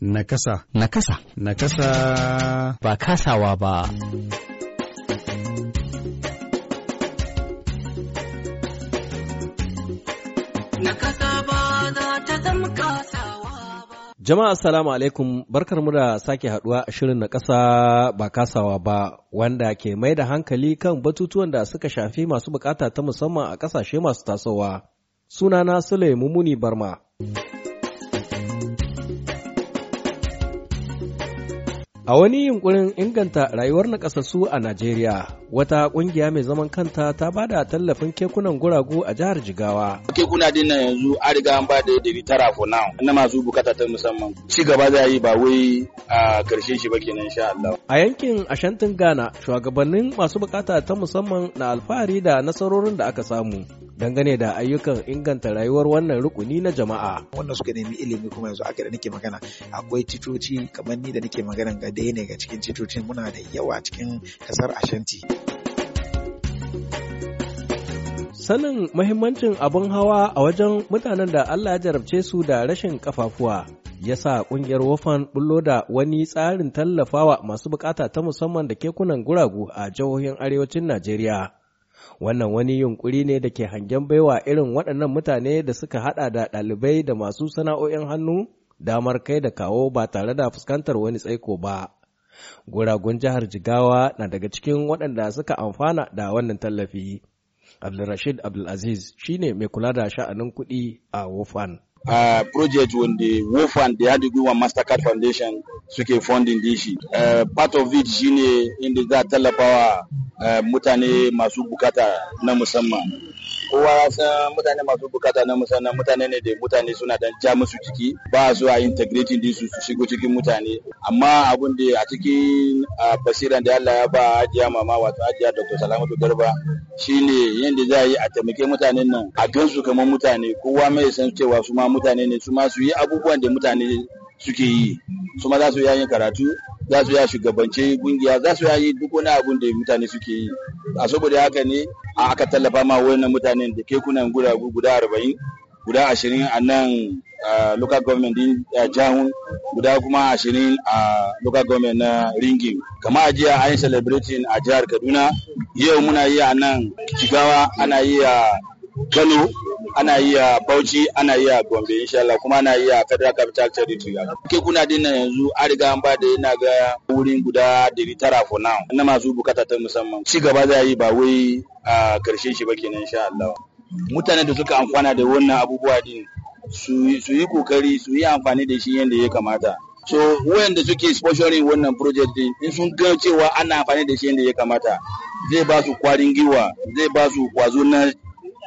Nakasa. Nakasa. Nakasa. Ba kasawa ba. kasa ba za ta zama kasawa ba. Jama'a assalamu alaikum barkar mu da sake haduwa a shirin na ƙasa ba kasawa ba wanda ke mai da hankali kan batutuwan da suka shafi masu bukata ta musamman a ƙasashe masu tasowa. Sunana Sule Mumuni Barma. A wani yunkurin inganta rayuwar nakasassu a Najeriya, wata kungiya mai zaman kanta ta ba da tallafin kekunan guragu a jihar Jigawa. Kekuna din nan yanzu an riga an ba da dari tara for now, na masu bukata ta musamman. Ci gaba za yi ba wai a karshe shi ba kenan insha Allah. A yankin Ashantin Ghana, shugabannin masu bukata ta musamman na alfahari da nasarorin da aka samu. dangane da ayyukan inganta rayuwar wannan rukuni na jama'a. Wanda suka nemi ilimi kuma yanzu aka da nake magana akwai titoci kamar ni da nake magana ga daya ne ga cikin titocin muna da yawa cikin kasar Ashanti. Sanin mahimmancin abin hawa a wajen mutanen da Allah ya jarabce su da rashin kafafuwa ya sa ƙungiyar wofan bullo da wani tsarin tallafawa masu bukata ta musamman da kekunan guragu a jihohin arewacin Najeriya. Wannan wani yunkuri ne da ke hangen baiwa irin waɗannan mutane da suka haɗa da ɗalibai da masu sana'o'in hannu damar kai da kawo ba tare da fuskantar wani tsaiko ba. Guragun jihar Jigawa na daga cikin waɗanda suka amfana da wannan tallafi. Abdulrashid Abdulaziz shine mai kula da sha'anin kuɗi a Wofan. uh, project wanda wofan da haɗin gwiwa mastercard foundation suke funding din shi uh, part of it shine inda za a tallafawa uh, mutane masu bukata na musamman kowa san mutane masu bukata na musamman mutane ne da mutane suna dan ja musu jiki ba su a integrating din su su shigo cikin mutane amma abun da a cikin uh, basiran da Allah ya ba ajiya mama wato ajiya Dr. Salamatu Garba shine yadda za a yi a taimake mutanen nan a gansu kamar mutane kowa mai san cewa su ma mutane ne su ma su yi abubuwan da mutane suke yi su ma za su yayin karatu za su ya shugabance kungiya za su yayi duk wani abun da mutane suke yi a saboda haka ne aka tallafa ma wannan mutanen da kekunan guda guda arba'in guda ashirin a nan local government din jahun guda kuma ashirin a local government na ringin kama jiya an yi celebrating a jihar kaduna yau muna yi a nan jigawa ana yi a kano ana yi a bauchi ana yi a gombe inshallah kuma ana yi a federal capital territory ke kuna din na yanzu an riga an ba da yana ga wurin guda dari tara for now na masu bukata ta musamman ci gaba za yi ba wai a karshen shi ba kenan insha Allah mutanen da suka amfana da wannan abubuwa din su yi kokari su yi amfani da shi yadda ya kamata so wayanda suke sponsoring wannan project din in sun ga cewa ana amfani da shi yadda ya kamata zai ba su kwarin gwiwa zai ba su kwazo na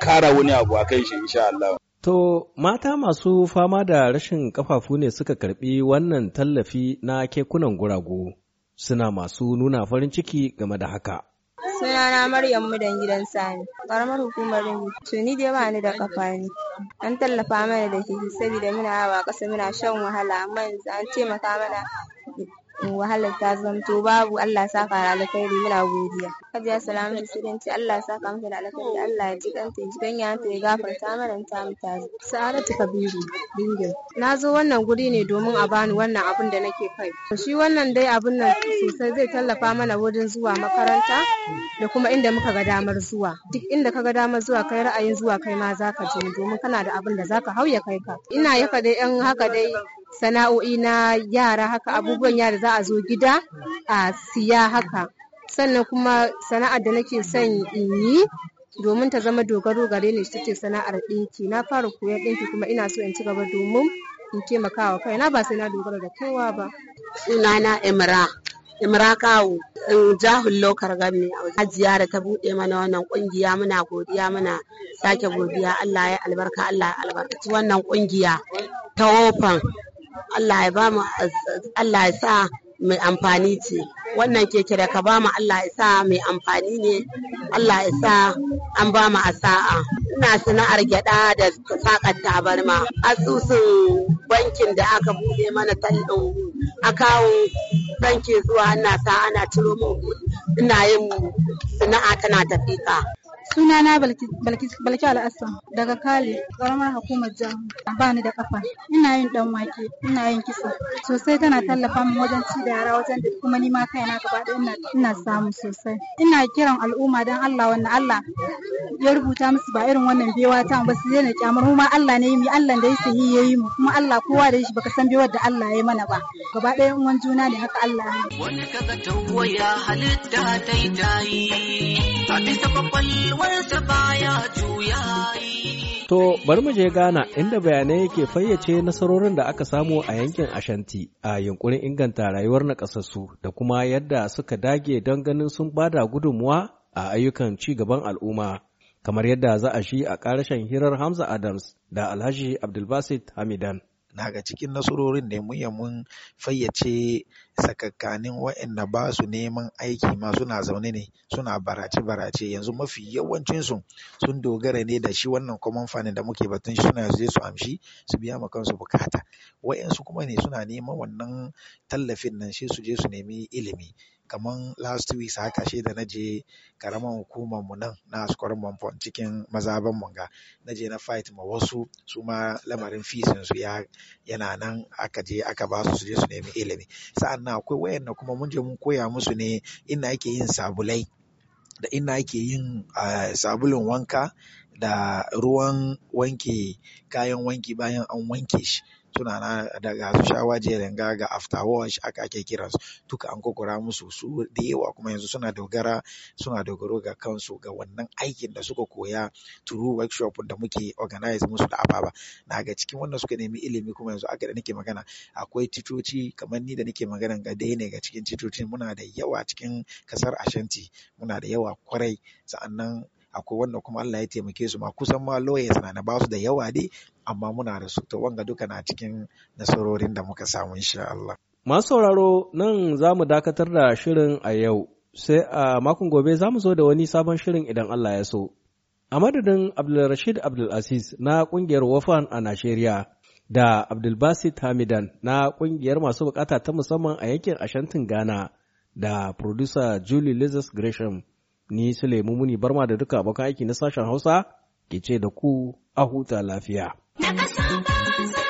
kara wani abu a kai shi insha Allah To mata masu fama da rashin kafafu ne suka karbi wannan tallafi na kekunan guragu, suna masu nuna farin ciki game da haka. Suna na Maryam Mudan gidan Sani, karamar hukumar Ringu. Tuni dai ba ni da kafa ne. An tallafa mana da shi, saboda muna yawa ƙasa muna shan wahala amma yanzu an taimaka mana wahalar ta zamto babu Allah saka da alkhairi muna godiya hajiya salamatu sirinci Allah saka mata da alkhairi Allah ya jikanta jikanya ta ya gafarta mana ta mu ta sa'adatu kabiru dingin na zo wannan guri ne domin a bani wannan abun da nake kai shi wannan dai abun nan sosai zai tallafa mana wurin zuwa makaranta da kuma inda muka ga damar zuwa duk inda ka ga damar zuwa kai ra'ayin zuwa kai ma zaka je domin kana da abin da zaka hauya kai ka ina yaka dai yan haka dai sana'o'i na yara haka abubuwan yara za a zo gida a siya haka sannan kuma sana'ar da nake son in yi domin ta zama dogaro gare ni ita ce sana'ar ɗinki na fara koyar ɗinki kuma ina so in ci gaba domin in taimakawa kaina ba sai na dogara da kowa ba sunana imra imra kawo in jahun lokar gami hajiya da ta buɗe mana wannan ƙungiya muna godiya muna sake godiya allah ya albarka allah ya albarkaci wannan ƙungiya ta ofan Allah ya ba mu sa mai amfani ce wannan keke da ka ba mu Allah ya sa mai amfani ne Allah ya sa an ba mu asa'a ina sana'ar gyada da sakar tabarma asusun bankin da aka buɗe mana a akawun banki zuwa ana sa ana ciro min ina yin sana'a tana tafi Sunana Balki Al'assan daga Kale, ƙaramar hukumar jihar. Ba ni da kafa. Ina yin dan wake, ina yin kisa. Sosai tana tallafa min wajen ci da yara wajen da kuma ni ma kaina gaba ɗaya ina samu sosai. Ina kiran al'umma don Allah wanda Allah ya rubuta musu ba irin wannan bewa ta ba su daina kyamar mu ma Allah ne mu Allah da yake yi yayi mu kuma Allah kowa da shi baka san bewar da Allah ya mana ba. Gaba ɗaya uwan juna ne haka Allah ya. Wani kaga tawaya halitta ta yi ta yi. Ta bisa To bari mu je Ghana inda bayanai yake fayyace nasarorin da aka samu a yankin Ashanti a yunkurin inganta rayuwar nakasassu da kuma yadda suka dage don ganin sun bada gudunmuwa a ayyukan ci gaban al'umma. Kamar yadda za a shi a ƙarashen hirar Hamza Adams da Alhaji Abdulbasit Hamidan. Naga cikin nasarorin da mun fayyace sakakkanin waɗanda ba su neman aiki ma suna zaune ne suna barace-barace yanzu mafi yawancinsu sun dogara ne da shi wannan common fund da muke batun shi suna zai su amshi su biya ma kansu bukata waɗansu kuma ne suna neman wannan tallafin nan sai suje su nemi ilimi Kamar last week haka shi da naje karaman hukumar mu nan na askwar mamfon cikin mazaban manga naje na fight ma wasu su ma lamarin fisinsu yana nan aka je aka ba su su je su nemi ilimi sa'an na akwai wayanda kuma mun je mun koya musu ne inda ake yin sabulai da inda ake yin eh, sabulun wanka da ruwan wanke kayan wanki bayan an wanke shi suna na daga su sha waje ga ga after wash aka ake kiransu duka an kokura musu su da yawa kuma yanzu suna dogara suna dogaro ga kansu ga wannan aikin da suka koya through workshop da muke organize musu da ababa na ga cikin wannan suka nemi ilimi kuma yanzu aka da nake magana akwai titoci kamar ni da nake magana ga dai ne ga cikin titocin muna da yawa cikin kasar Ashanti muna da yawa kwarai sa'annan akwai wanda kuma Allah ya taimake su ma kusan ma lawyers na na basu da yawa dai amma muna da su to wanga duka na cikin nasarorin da muka samu insha Allah masu sauraro nan za mu dakatar da shirin a yau sai a makon gobe za mu zo da wani sabon shirin idan Allah ya so a madadin Abdulrashid Abdulaziz na kungiyar Wafan a Najeriya da Abdulbasit Hamidan na kungiyar masu bukata ta musamman a yankin Ashantin Ghana da producer Julie Lizas Gresham ni Sulaimu Muni Barma da duka abokan aiki na sashen Hausa ke ce da ku a huta lafiya. Na